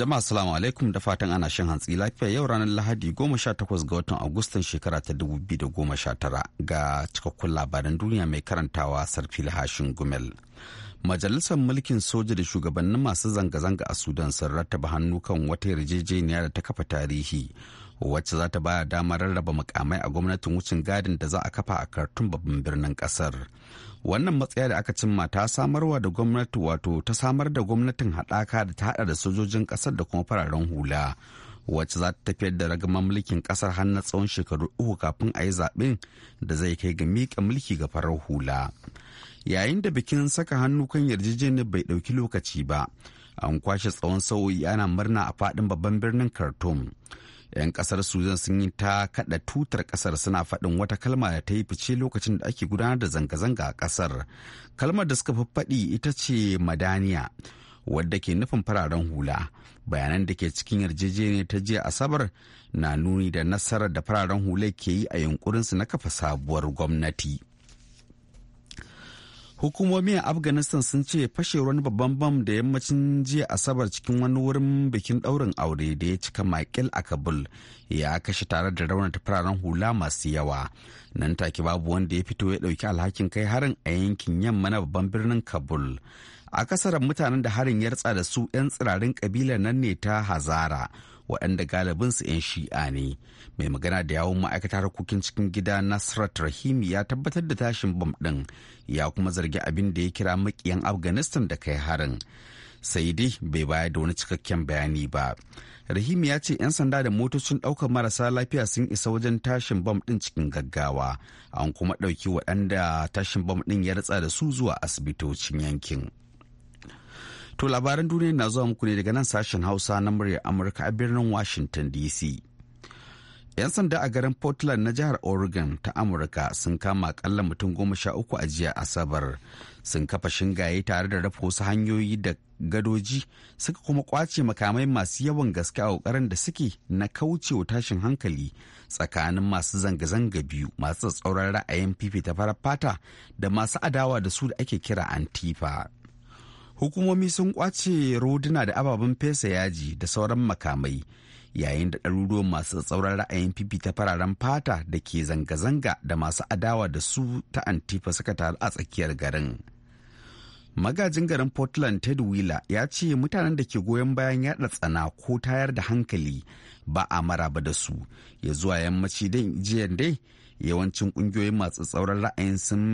Jama'a salamu alaikum da fatan ana shan hantsi lafiya yau ranar Lahadi 18 ga watan Agustan shekara ta 2019 ga cikakkun labaran duniya mai karantawa Sarfil Hashin Gumel. Majalisar mulkin soja da shugabannin masu zanga-zanga a Sudan sun rattaba hannu kan wata yarjejeniya da ta kafa tarihi wacce za ta baya damar rarraba mukamai a gwamnatin wucin gadin da za a kafa a kartun babban birnin kasar. wannan matsaya da aka cimma ta samarwa da gwamnati wato ta samar da gwamnatin haɗaka da ta haɗa da sojojin ƙasar da kuma fararen hula wacce za ta tafiyar da ragaman mulkin ƙasar har na tsawon shekaru uku kafin a yi zaɓen da zai kai ga miƙa mulki ga farar hula yayin da bikin saka hannu kan yarjejeniyar bai ɗauki lokaci ba an kwashe tsawon sauyi ana murna a faɗin babban birnin khartoum 'yan kasar sudan sun yi ta kada tutar kasar suna faɗin wata kalma da ta yi fice lokacin da ake gudanar da zanga-zanga a kasar kalmar da suka faffaɗi ita ce madaniya wadda ke nufin fararen hula bayanan da ke cikin yarjejeniyar ta jiya asabar na nuni da nasarar da fararen hula ke yi a yunkurinsu na kafa sabuwar gwamnati hukumomi a afghanistan sun ce fashe wani babban bam da yammacin jiya asabar cikin wani wurin bikin daurin aure da ya cika makil a kabul ya kashe tare da raunata fararen hula masu yawa nan take babu wanda ya fito ya dauki alhakin kai harin a yankin yamma na babban birnin kabul A akasarin mutanen da harin ya da su 'yan tsirarin kabilar nan ne ta hazara waɗanda galibinsu 'yan shi'a ne mai magana da yawon ma'aikatar harkokin cikin gida nasrat rahimi ya tabbatar da tashin bam ɗin ya kuma zargi abin da ya kira makiyan afghanistan da kai harin sai dai bai baya da wani cikakken bayani ba rahimi ya ce 'yan sanda da motocin ɗaukar marasa lafiya sun isa wajen tashin bam ɗin cikin gaggawa an kuma ɗauki waɗanda tashin bam ɗin ya ritsa da su zuwa asibitocin yankin To labaran duniya na zuwa muku ne daga nan sashen Hausa na muryar Amurka a birnin Washington DC. 'Yan sanda a garin Portland na jihar Oregon ta Amurka sun kama akalla mutum goma sha uku a jiya Asabar. Sun kafa shingaye tare da rafa wasu hanyoyi da gadoji suka kuma kwace makamai masu yawan gaske a kokarin da suke na kauce wa tashin hankali tsakanin masu zanga-zanga biyu masu tsatsauran ra'ayin fifita farar fata da masu adawa da su da ake kira antifa. hukumomi sun kwace roduna da ababen fesa yaji da sauran makamai yayin da ɗaruruwan masu tsauran ra'ayin ta fararen fata da ke zanga-zanga da masu adawa da su ta antifa suka taru a tsakiyar garin magajin garin portland ted wheeler ya ce mutanen da ke goyon bayan yada tsana ko tayar da hankali ba a maraba da su ya zuwa yammaci don jiya dai yawancin kungiyoyin masu tsauran ra'ayin sun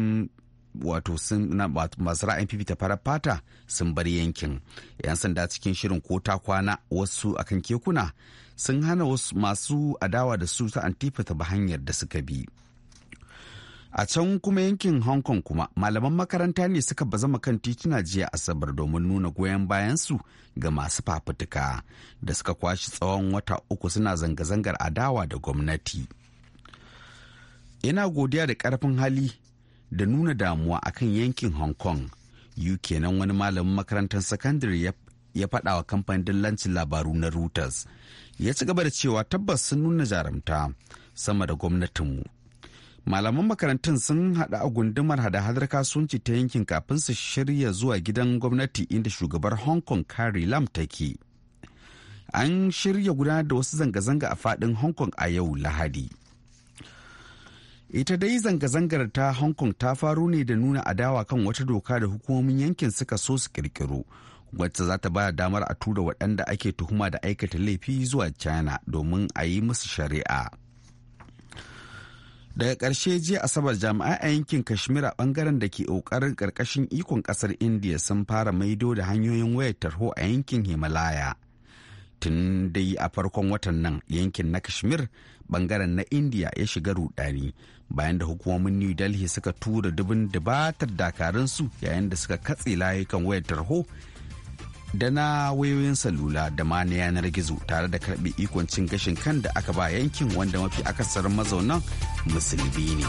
wato sun na masu ra'ayin fifita farar fata sun bar yankin yan sanda cikin shirin ko ta kwana wasu akan kekuna sun hana wasu masu adawa da su ta antifa ta hanyar da suka bi a can kuma yankin hong kong kuma malaman makaranta ne suka bazama kan tituna jiya asabar domin nuna goyon bayan su ga masu fafutuka da suka kwashi tsawon wata uku suna zanga-zangar adawa da gwamnati. ina godiya da karfin hali da nuna damuwa akan yankin hong kong UK nan wani malamin makarantar sakandare ya faɗa wa kamfanin dillancin labaru na reuters ya ci gaba da cewa tabbas sun nuna jarumta sama da gwamnatinmu malaman makarantun sun haɗa a gundumar hada-hadar kasuwanci ta yankin kafin su shirya zuwa gidan gwamnati inda shugabar hong kong carrie lam take an shirya gudanar da wasu zanga-zanga a faɗin hong kong a yau lahadi ita dai zanga-zangar ta hong kong ta faru ne da nuna adawa kan wata doka da hukumomin yankin suka so su kirkiro wacce za ta bada damar a tura waɗanda ake tuhuma da aikata laifi zuwa china domin a yi musu shari'a daga ƙarshe jiya asabar jami'a a yankin kashmir a ɓangaren da ke ƙoƙarin ƙarƙashin ikon ƙasar india sun fara maido da hanyoyin wayar tarho a yankin himalaya tun dai a farkon watan nan yankin na kashmir bangaren na india ya shiga rudani bayan da hukumomin new delhi suka tura dubin dubatar su yayin da suka katse layukan wayar tarho da na wayoyin salula da ma na yanar gizo tare da karbe ikon cin gashin kan da aka ba yankin wanda mafi akasarin mazaunan musulmi ne.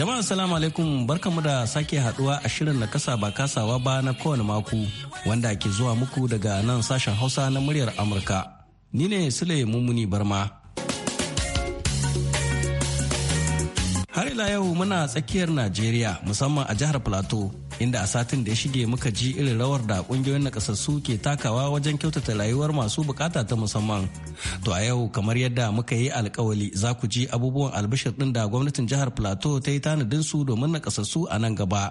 Jama'a salamu alaikum barkamu da sake haduwa a shirin na kasa ba kasawa ba na kowane mako wanda ke zuwa muku daga nan sashen Hausa na muryar Amurka. Ni ne Sule Mumuni Barma har ila yau muna tsakiyar najeriya musamman a jihar plateau inda a satin da ya shige muka ji irin rawar da kungiyoyin naƙasassu ke takawa wajen kyautata rayuwar masu bukata ta musamman to a yau kamar yadda muka yi alkawali za ku ji abubuwan albishir din da gwamnatin jihar plateau ta yi tanadin su domin naƙasassu a nan gaba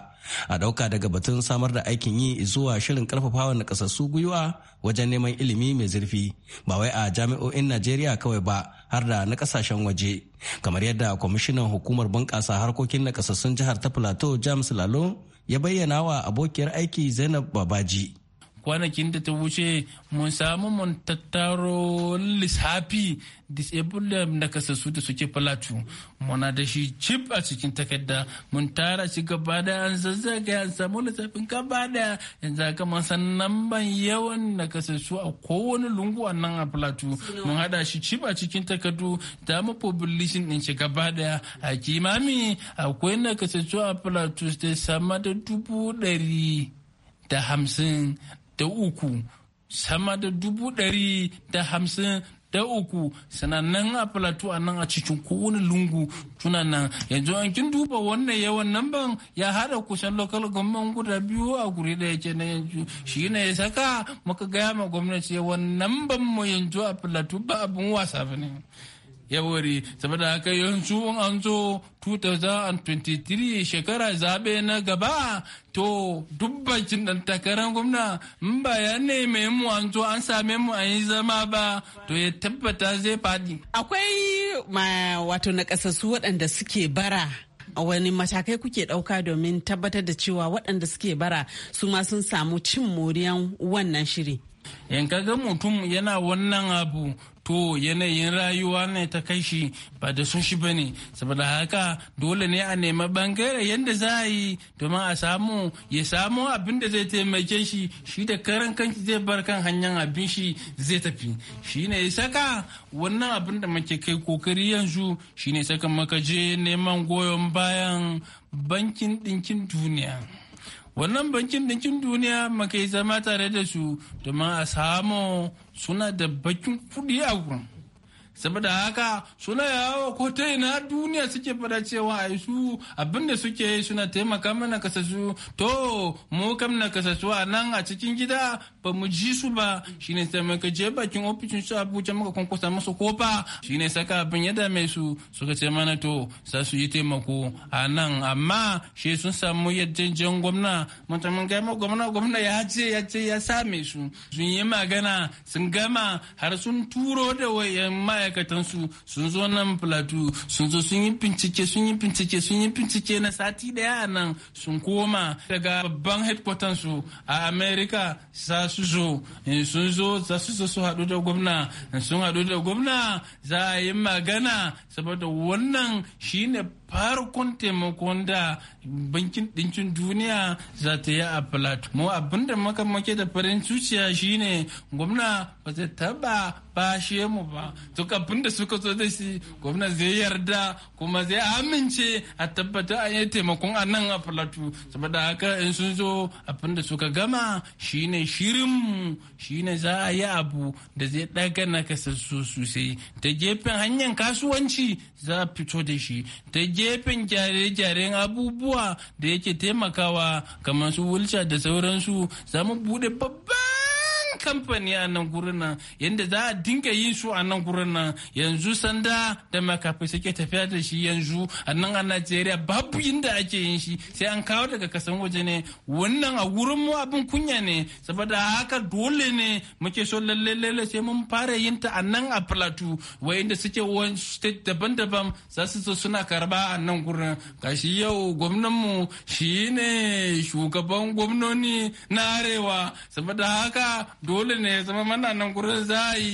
a dauka daga batun samar da aikin yi zuwa shirin karfafawa naƙasassu gwiwa wajen neman ilimi mai zurfi ba wai a jami'o'in najeriya kawai ba har da na kasashen waje kamar yadda kwamishinan hukumar bunƙasa harkokin nakasassun jihar ta plateau james lalo ya bayyana wa abokiyar aiki zainab babaji kwanakin da ta wuce mun samu mun tattaro lissafi disabled da su da suke falatu muna da shi chip a cikin takarda mun tara shi gaba da an zazzaga an samu lissafin gaba da yanzu haka mun san namban yawan da su a kowane lungu a nan a falatu mun hada shi chip a cikin takardu da mu population din shi gaba da a kimami akwai na kasassu a falatu sai sama da dubu ɗari da hamsin da uku sama da dubu ɗari da hamsin da uku sanannen a plateau a nan a cikin kowane lungu tuna nan yanzu an kin duba wannan yawan nan ban ya hada kusan local gwamnan guda biyu a guri da yake na yanzu shi ne ya saka muka gaya ma gwamnati yawan nan ban mu yanzu a plateau ba abin wasa ne. yawari wuri saboda haka yanzu an zo 2023 shekara zaɓe na gaba to dubbacin ɗan takarar gwamna in ba ya neme mu an zo an same mu an yi zama ba to ya tabbata zai faɗi. akwai ma wato nakasassu waɗanda suke bara a wani matakai kuke ɗauka domin tabbatar da cewa waɗanda suke bara su ma sun samu cin moriyan wannan shiri Yankagan mutum yana wannan abu to yanayin rayuwa ne ta kai shi ba da sun shi ba ne saboda haka dole ne a nema bangare yadda za a yi domin a samu ya samu abin da zai taimake shi shi da karan kanki zai bar kan hanyar abin shi zai tafi shi ne saka wannan abin da muke kai kokari yanzu shi ne saka makaje je neman goyon bayan bankin ɗinkin duniya. wannan bankin ɗinkin duniya makai zama tare da su domin a samu suna da bakin kuɗi a gurin saboda haka suna yawo ko ta ina duniya suke fada cewa a su abinda suke yi suna taimaka mana kasasu to mu kam na kasasu a nan a cikin gida ba mu ji su ba shine sai muka je bakin ofishin su Abuja muka kwankwasa musu kofa shine saka abin ya dame su suka ce mana to sa su yi taimako a nan amma shi sun samu jan gwamna mun gama gwamna gwamna ya ce ya ce ya same su sun yi magana sun gama har sun turo da wayan ma'aikata ma'aikatansu sun zo nan plateau sun zo sun yi bincike sun yi bincike sun yi bincike na sati daya a nan sun koma daga babban headquarters su a america za su zo eh, sun zo za su zo su haɗu da gwamna eh, sun haɗu da gwamna za a yi magana saboda wannan shine farkon taimakon da bankin ɗinkin duniya za ta yi a plateau mu abinda makamake da farin zuciya shine gwamna ba ta taba bashe mu ba to duk abinda suka zo da shi gwamna zai yarda kuma zai amince a tabbata a yi taimakon a nan a plateau saboda haka in sun zo abinda suka gama shine shirinmu shine za a yi abu da zai ɗaga nakasassu sosai ta gefen hanyar kasuwanci za a fito da shi ta gefen gyare-gyaren abubuwa da yake taimakawa kamar su wulca da sauransu za mu buɗe babban kamfani a nan gurin nan yadda za a dinga yin su a nan gurin nan yanzu sanda da makafai suke tafiya da shi yanzu a nan a najeriya babu inda ake yin shi sai an kawo daga kasan waje ne wannan a gurin mu abin kunya ne saboda haka dole ne muke so lalle lalle sai mun fara yin ta a nan a plateau wayanda suke wani state daban-daban za su zo suna karba a nan gurin gashi yau gwamnanmu shi ne shugaban gwamnoni na arewa saboda haka dole ne ya zama mana nan gurin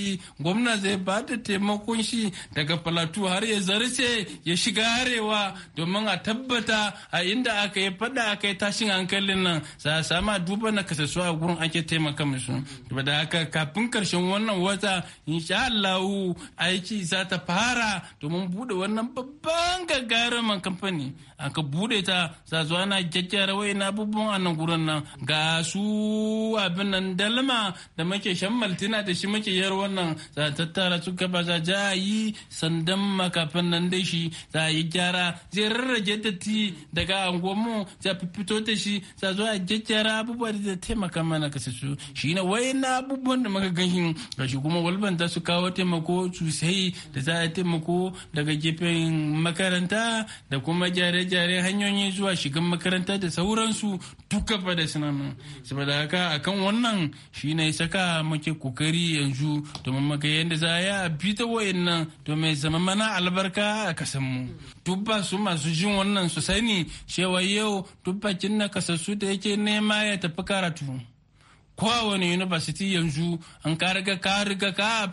yi gwamna zai ba da taimakon shi daga falatu har ya zarce ya shiga arewa domin a tabbata a inda aka yi fada aka yi tashin hankalin nan za a sama duba na kasasu a gurin ake taimaka musu da haka kafin karshen wannan wata insha Allah aiki za ta fara domin bude wannan babban gagarumin kamfani aka ka bude ta sa zuwa na gyaggyara wai na abubuwan a nan gurin nan ga su abin nan dalma da muke shan maltina da shi muke yar wannan za tattara su gaba za ja yi sandan makafin nan da shi za yi gyara zai rarrage datti daga anguwanmu za fito da shi za zuwa gyaggyara abubuwa da taimaka mana kasa su shi ne wai na abubuwan da muka ganin ga shi kuma za su kawo taimako sosai da za a taimako daga gefen makaranta da kuma gyare jare-jare hanyoyi zuwa shigan makaranta da sauransu duka fa da sinanan saboda haka akan wannan shi ne saka muke kokari yanzu domin maka yadda za a bi ta wayannan domin zama mana albarka a kasanmu. mu su masu jin wannan su sani cewa yau dubbakin na kasassu da yake nema ya tafi karatu kowane university yanzu an ka riga ka riga ka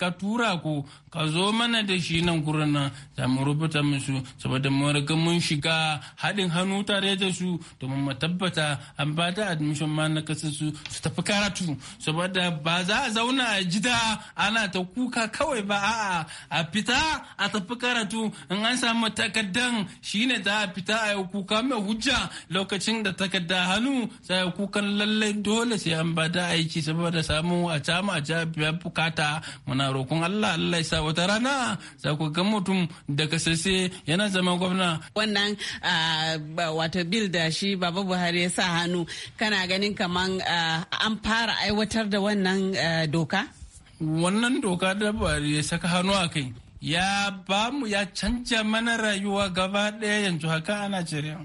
ka tura ko ka zo mana da shi nan gurin nan za mu rubuta musu saboda mu riga mun shiga haɗin hannu tare da su domin mu tabbata an ba da admission ma na kasar su su tafi karatu saboda ba za a zauna a jida ana ta kuka kawai ba a'a a fita a tafi karatu in an samu takardan shine za a fita a yi kuka mai hujja lokacin da takarda hannu sai kukan lallai dole sai an ba da aiki saboda samu a cama a biya bukata muna roƙon Allah Allah ya wata rana za ku ga mutum da kasase yana zama gwamna. Wannan wato bil da shi Baba Buhari ya sa hannu kana ganin kamar an fara aiwatar da wannan doka? Wannan doka da Buhari ya saka hannu a kai ya ba mu ya canja mana rayuwa gaba ɗaya yanzu haka a Najeriya.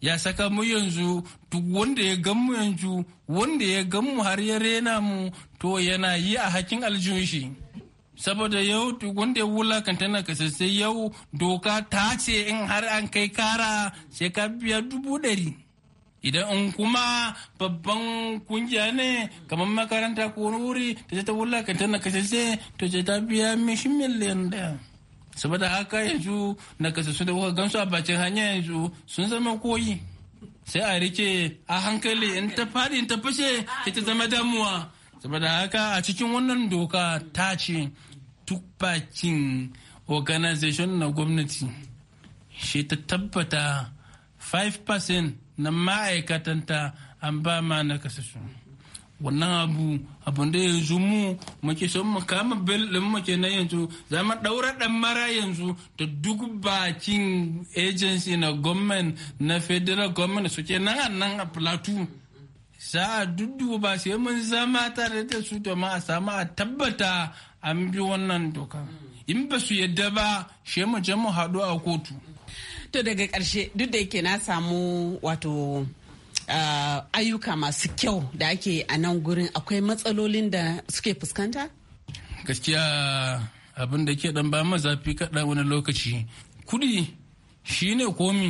Ya saka mu yanzu duk wanda ya gan mu yanzu wanda ya gan mu har ya rena mu to yana yi a hakin aljihun saboda yau wanda wula wulakanta na kasance yau doka ta ce in har an kai kara sai ka biya dubu ɗari idan in kuma babban kungiya ne kamar makaranta ko wani wuri ta ta wulakanta na kasance to ce ta biya mishi miliyan ɗaya saboda haka yanzu na kasance da kuka gansu a bacin hanya yanzu sun zama koyi sai a rike a hankali in ta fadi in ta fashe ta zama damuwa saboda haka a cikin wannan doka ta ce duk bakin organization na gwamnati shi ta tabbata 5% na ma'aikatanta an ba ma na kasashen wannan abu abin da yanzu mu muke son mu kama bil din muke na yanzu za mu daura dan mara yanzu da duk bakin agency na government na federal government suke nan nan a plateau za a dudduba sai mun zama tare da su domin a samu a tabbata an bi wannan doka in ba su yadda ba shi mu je mu haɗu a kotu to daga karshe duk da yake na samu wato ah, ayyuka masu kyau da ake a nan gurin akwai matsalolin da suke fuskanta gaskiya abin da ke dan ba mazafi kaɗan wani lokaci kudi shine komi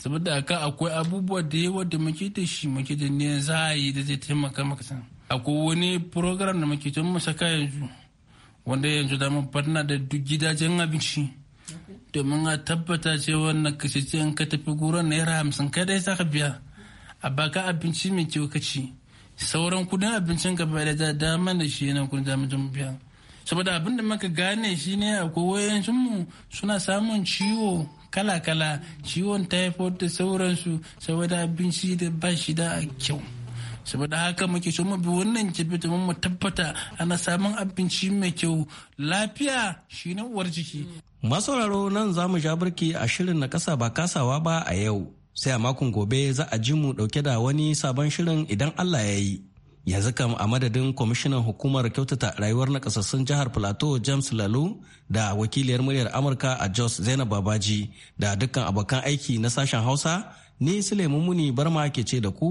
saboda ka akwai abubuwa da yawa da muke da shi muke da ne za a yi da zai taimaka maka sana akwai wani program da muke can masaka yanzu wanda yanzu da barna da duk gidajen abinci domin a tabbata cewa na kashe ka tafi na naira hamsin kada ya ka biya a baka abinci mai kyau ka ci sauran kudin abincin ka bai da dama da shi yana kudin dama jin biya saboda abin da muka gane shi ne a wayancin mu suna samun ciwo kala-kala ciwon typhoid da sauransu saboda abinci da ba shi da kyau saboda haka muke so mu bi wannan domin mu tabbata ana samun abinci mai kyau lafiya shi shine uwar jiki masauraro nan za mu ja birki a shirin na kasa ba kasawa ba a yau sai a makon gobe za a ji mu dauke da wani sabon shirin idan Allah ya yi yanzu kam a madadin kwamishinan hukumar kyautata rayuwar nakasassun jihar plateau james lalu da wakiliyar muryar amurka a jos zainab babaji da dukkan abokan aiki na sashen hausa ni sulaiman muni barma ke ce da ku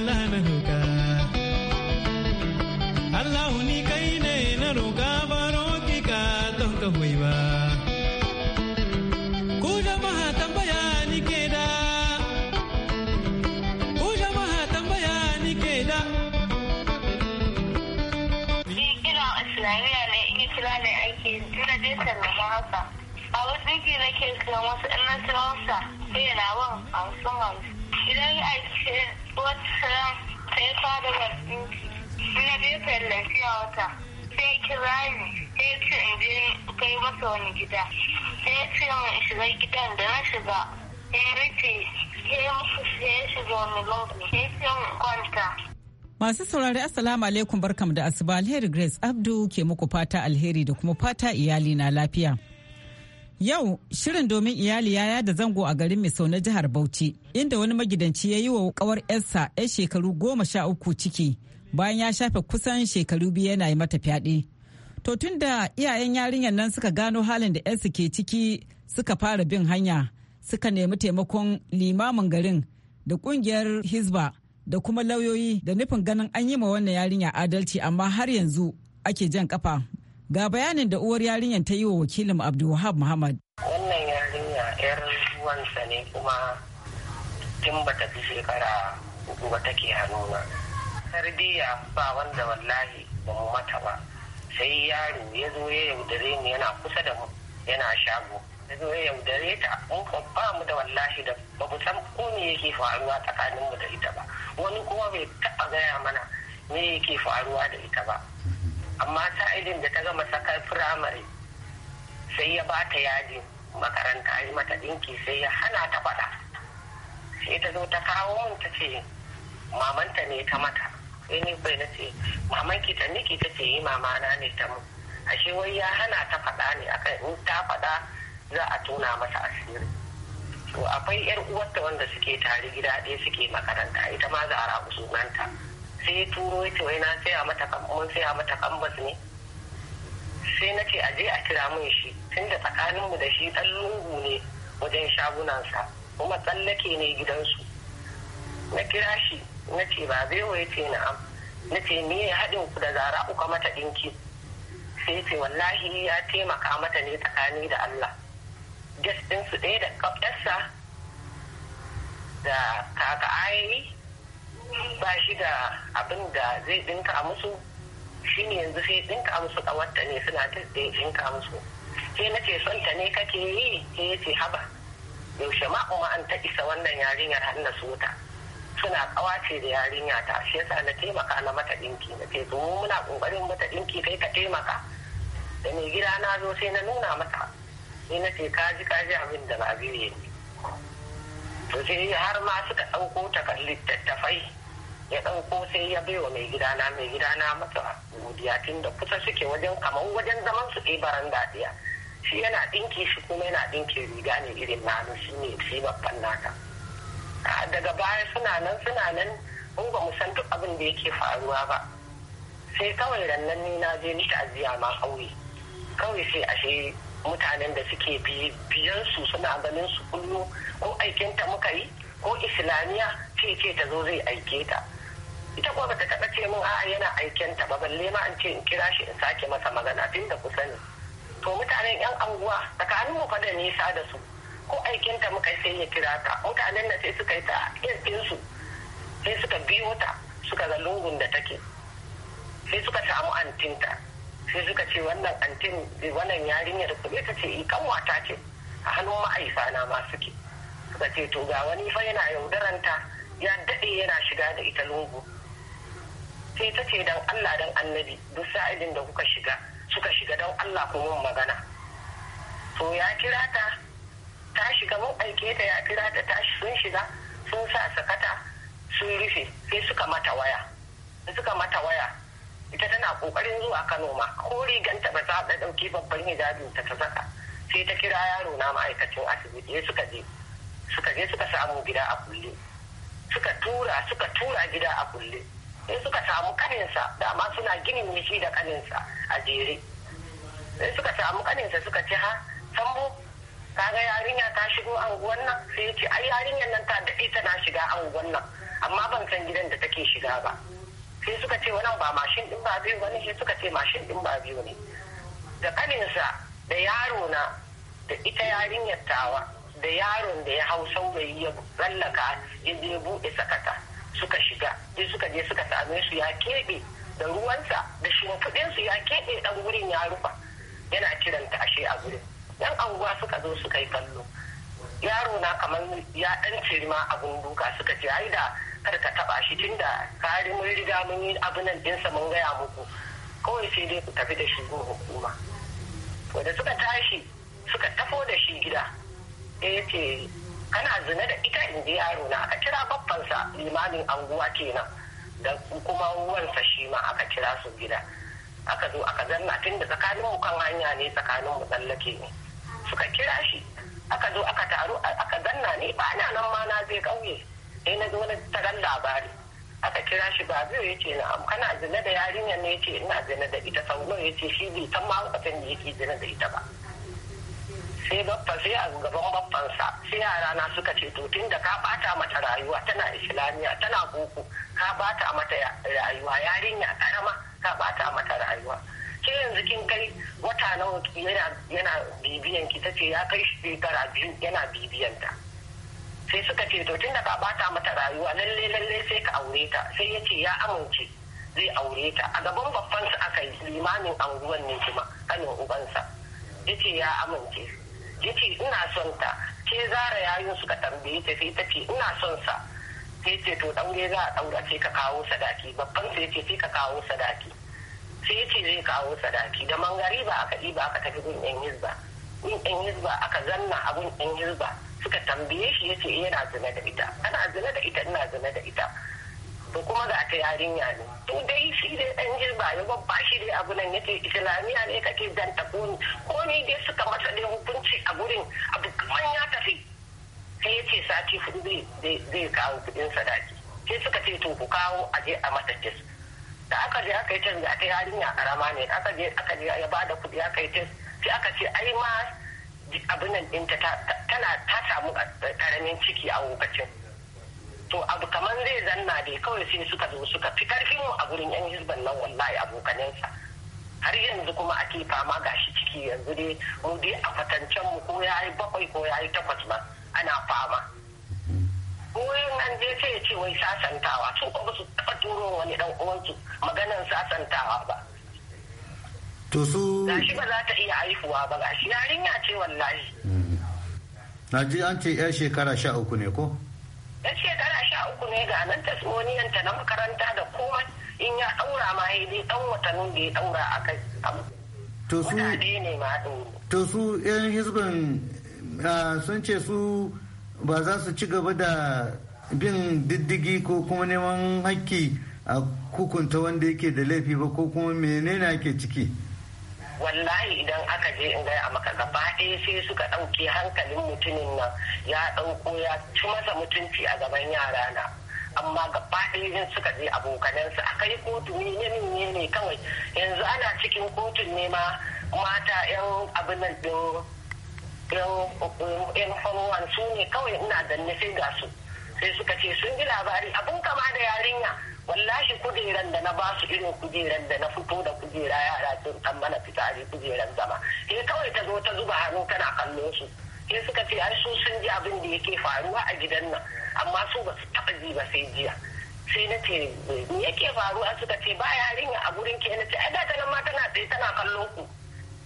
aiki na ke kan wasu in na ci hausa sai yana wan hamsin hamsin idan a ce wata ta yi fada ba barci na bai tallafi a wata sai kira ni sai ce in je kai masa wani gida sai ce min shiga gidan da na shiga ya rike ya musu sai shiga wani lungu sai ce min kwanta Masu saurari Assalamu alaikum barkam da asuba alheri Grace Abdu ke muku fata alheri da kuma fata iyali na lafiya. Yau shirin domin iyali ya da zango a garin Misau na jihar Bauchi inda wani magidanci ya yi wa kawar yarsa 'yar shekaru goma sha uku ciki bayan ya shafe kusan shekaru biyu yana yi mata fyaɗe. To tun da iyayen yarinyar nan suka gano halin da 'yarsu ke ciki suka fara bin hanya suka nemi taimakon limamin garin da ƙungiyar Hizba da kuma lauyoyi da nufin ganin an yi ma wannan yarinya adalci amma har yanzu ake jan kafa Ga bayanin da uwar yarinyar ta yi wa wakilin Abdulwahab Muhammad. Wannan yarinya 'yar ruwansa ne kuma tun ba ta fi shekara uku ba take hannuna. Sardiya ba wanda wallahi ba mu mata ba. Sai yaro ya zo ya yaudare mu yana kusa da mu yana shago. Ya zo ya yaudare ta ba mu da wallahi da ba mu san ko me yake faruwa tsakanin mu da ita ba. Wani kuma bai taɓa gaya mana me yake faruwa da ita ba. amma idin da ta gama sakar firamare sai ya ba ta yaji makaranta yi mata ɗinki sai ya hana ta faɗa sai ta zo ta kawo mun ta ce mamanta ne ta mata sai ni bai na ce maman ki ta niki ta ce yi mamana ne ta mu ashe wai ya hana ta faɗa ne akan in ta faɗa za a tona masa asiri to akwai yar uwarta wanda suke tare gida ɗaya suke makaranta ita ma za a rabu sunanta sai ya turo ya ce wai na a mata mun a mata kambas ne sai na ce a je a kira mun shi tunda mu da shi dan lungu ne wajen shagunan sa kuma tsallake ne gidansu na kira shi na ce ba zai waye ce am na ce ni ya haɗin ku da zara uka mata ɗinki sai ce wallahi ya taimaka mata ne tsakani da Allah gas ɗinsu ɗaya da kafɗarsa da kaka ayi ba shi da abin da zai dinka a musu shi ne yanzu sai dinka a musu kawarta ne suna ta dinka musu sai na ce son ta ne kake yi sai ya ce haba yaushe ma kuma an ta isa wannan yarinyar har na wuta suna ce da yarinya ta shi yasa na taimaka na mata dinki na ce to muna kokarin mata dinki kai ka taimaka da mai gida na zo sai na nuna mata sai na ce ka ji ka ji abin da ba biyu ne to sai har ma suka ɗauko ta littattafai ya ɗauko sai ya bai wa mai gidana mai gidana mata godiya tun da kusa suke wajen kamar wajen zaman su ɗai baranda ɗaya shi yana ɗinki shi kuma yana ɗinki riga ne irin nanu shi ne shi babban naka daga baya suna nan suna nan mun ba mu san duk abin da yake faruwa ba sai kawai rannan ni na je ni ta'aziya ma kauye kawai sai ashe mutanen da suke biyan su suna ganin su kullu ko aikinta muka yi ko islamiyya ce ce ta zo zai aike ta ita ko bata taɓa ce min a'a yana aiken ta ba balle ma an ce in kira shi in sake masa magana tun da kusa ne to mutanen yan anguwa tsakanin mu fada nisa da su ko aiken ta muka sai ya kira ta mutanen na sai suka yi ta irin su sai suka biyo ta suka ga lungun da take sai suka samu antin ta sai suka ce wannan antin wannan yarinyar kuɗi ta ce kanwata eh, ce a hannun ma'aifa na ma suke suka ce to ga wani fa yana yaudaranta ya daɗe yana shiga da ita lungu sai ta ce dan Allah dan annabi duk sa'idin da kuka shiga suka shiga dan Allah ku mun magana to ya kira ta ta shiga mun aike ta ya kira ta ta sun shiga sun sa sakata sun rufe sai suka mata waya suka mata waya ita tana kokarin zuwa Kano ma ko riganta ba za ta dauki babban hijabin ta ta saka sai ta kira yaro na ma'aikacin asibiti suka je suka je suka samu gida a kulle suka tura suka tura gida a kulle in suka samu kaninsa dama suna ginin ne shi da kaninsa a jere in suka samu kaninsa suka ci ha sambo ga yarinya ta shigo anguwan nan sai ya ce ai yarinyar nan ta daɗe tana shiga anguwan nan amma ban san gidan da take shiga ba sai suka ce wannan ba mashin din ba biyu wani sai suka ce mashin din ba biyu ne da kaninsa da yaro na da ita yarinyar tawa da yaron da ya hau saurayi ya lallaka ya je buɗe sakata suka shiga duk suka je suka same su ya keɓe da ruwansa da shimfiɗinsu ya keɓe ɗan wurin ya rufa yana kiranta ashe a gurin yan anguwa suka zo suka yi kallo yaro na kamar ya ɗan ciri ma abin duka suka ce ai da kar ka taɓa shi tun da kare mun riga mun yi abu nan ɗinsa mun gaya muku kawai sai dai ku tafi da shi hukuma wanda suka tashi suka tafo da shi gida ya ce kana zina da ita in je yaro na aka kira babbansa limamin anguwa kenan da kuma wansa shi ma aka kira su gida aka zo aka zanna tun da tsakanin mu kan hanya ne tsakanin mu tsallake ne suka kira shi aka zo aka taru aka zanna ne ba na nan ma na je kauye sai na zo na taran labari aka kira shi ba zai yace na kana zina da yarinyar ne yace ina zina da ita sau nawa yace shi bai san ma lokacin da yake zina da ita ba sai babba sai a gaban babbansa sai yara na suka ce to tunda ka bata mata rayuwa tana islamiya tana boko ka bata mata rayuwa yarinya karama ka bata mata rayuwa ke yanzu kin kai wata nawa yana yana bibiyan ki tace ya kai shekara biyu yana bibiyan ta sai suka ce to tunda ka bata mata rayuwa lalle lalle sai ka aure ta sai yace ce ya amince zai aure ta a gaban babban sa aka yi limamin anguwan ne kuma kanin ubansa yace ya amince ya ce ina son ta ke zara yayin suka tambaye ta sai ta ce ina son sa sai ce to daure za a daura sai ka kawo sadaki babban sai ce sai ka kawo sadaki sai ce zai kawo sadaki da ba aka ɗiba aka tafi gun yan hizba gun yan hizba aka zanna a gun yan hizba suka tambaye shi ya ce yana zina da ita ana zina da ita ina zina da ita to kuma ga ta yarinya ne to dai shi dai dan jirba ya babba shi dai abu nan yake islamiyya ne kake dan ta ko ni dai suka masa dai hukunci a gurin abu kaman ya tafi sai yace sati huɗu zai kawo kuɗin sadaki sai suka ce to ku kawo a je a mata tes da aka je aka yi tes ta yarinya karama ne aka je aka je ya bada kudi aka yi tes sai aka ce ai ma abin nan ɗinta tana ta samu karamin ciki a lokacin to abu kamar zai zanna dai kawai sai suka zo suka fi karfin mu a gurin yan hizban nan wallahi abokanensa, har yanzu kuma ake fama gashi ciki yanzu dai mu dai a fatancen mu ko yayi bakwai ko yayi takwas ma ana fama wurin an je sai ya ce wai sasantawa su ko ba su taɓa turo wani dan uwansu maganan sasantawa ba to su gashi ba za ta iya haihuwa ba gashi yarinya ce wallahi na ji an ce 'yan shekara sha uku ne ko? 'yan ne ga nan tasmoniyan ta na makaranta da komai in ya daura ma ya dai dan watannin da ya daura a kai to su ne ma to su yan hizbin sun ce su ba za su ci gaba da bin diddigi ko kuma neman hakki a hukunta wanda yake da laifi ba ko kuma menene ake ciki wallahi idan aka je in gaya maka gaba ɗaya sai suka ɗauki hankalin mutumin nan ya ɗauko ya ci masa mutunci a gaban yara na amma gaba ɗaya suka je abokanansu a kai kotu ne ne ne kawai yanzu ana cikin kotun ne ma mata yan abin nan ɗin yan faruwan su ne kawai ina danne sai ga su sai suka ce sun ji labari abun kama da yarinya wallahi kujeran da na basu irin kujeran da na fito da kujera yara sun kan mana fitari kujeran zama sai kawai ta zo ta zuba hannu tana kallon su sai suka ce ai su sun ji abin da yake faruwa a gidan nan amma su ba su taɓa ji ba sai jiya sai na ce me yake faruwa suka ce ba yarinya a gurin ke na ce ai da nan ma tana tsaye tana kallon ku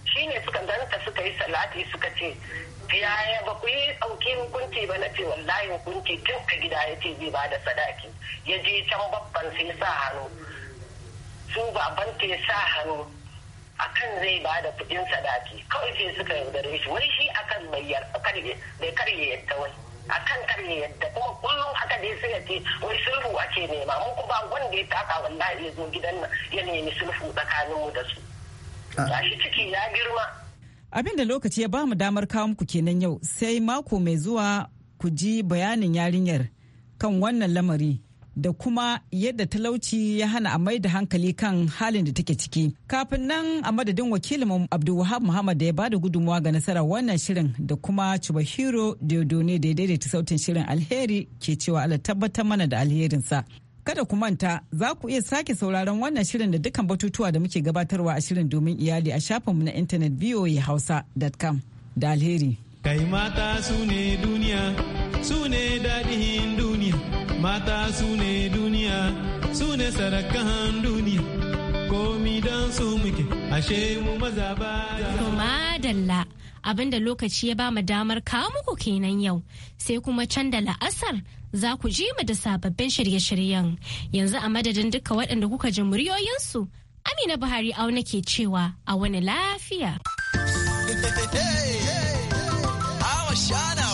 shine suka zanta suka yi salati suka ce yaya ba ku yi ɗauki hukunci ba na ce wallahi hukunci tun a gida ya ce zai bada sadaki ya je can babban sai sa hannu su baban ta ya sa hannu akan zai bada kuɗin sadaki kawai sai suka yaudare shi wai shi akan bai karye yadda wai a kan kar yadda kuma kullum haka dai sai ce wai sulhu ake nema mun ku ba wanda ya taka wallahi ya zo gidan nan ya nemi sulhu tsakanin mu da su ah. gashi ciki ya girma abin da lokaci ya bamu damar kawo muku kenan yau sai mako mai zuwa ku ji bayanin yarinyar kan wannan lamari da kuma yadda talauci ya hana a mai da hankali kan halin da take ciki. Kafin nan a madadin wakilin Abdulwahab Muhammad da ya bada gudunmawa ga nasara wannan shirin da kuma Chubahiro Diodone da ya daidaita sautin shirin alheri ke cewa Allah tabbatar mana da alherinsa. Kada ku manta za ku iya sake sauraron wannan shirin da dukkan batutuwa da muke gabatarwa a shirin domin iyali a shafinmu na intanet voahausa.com da alheri. Kai mata su ne duniya su ne daɗin duniya mata su ne duniya su ne sarakan duniya komi don su muke ashe mu maza ba madalla abinda lokaci ya ba mu damar kawo muku kenan yau sai kuma can da la'asar za ku ji mu da sababbin shirye-shiryen yanzu a madadin duka waɗanda kuka ji muryoyinsu amina buhari auna ke cewa a wani lafiya. Shana.